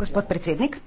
Gospod predsednik.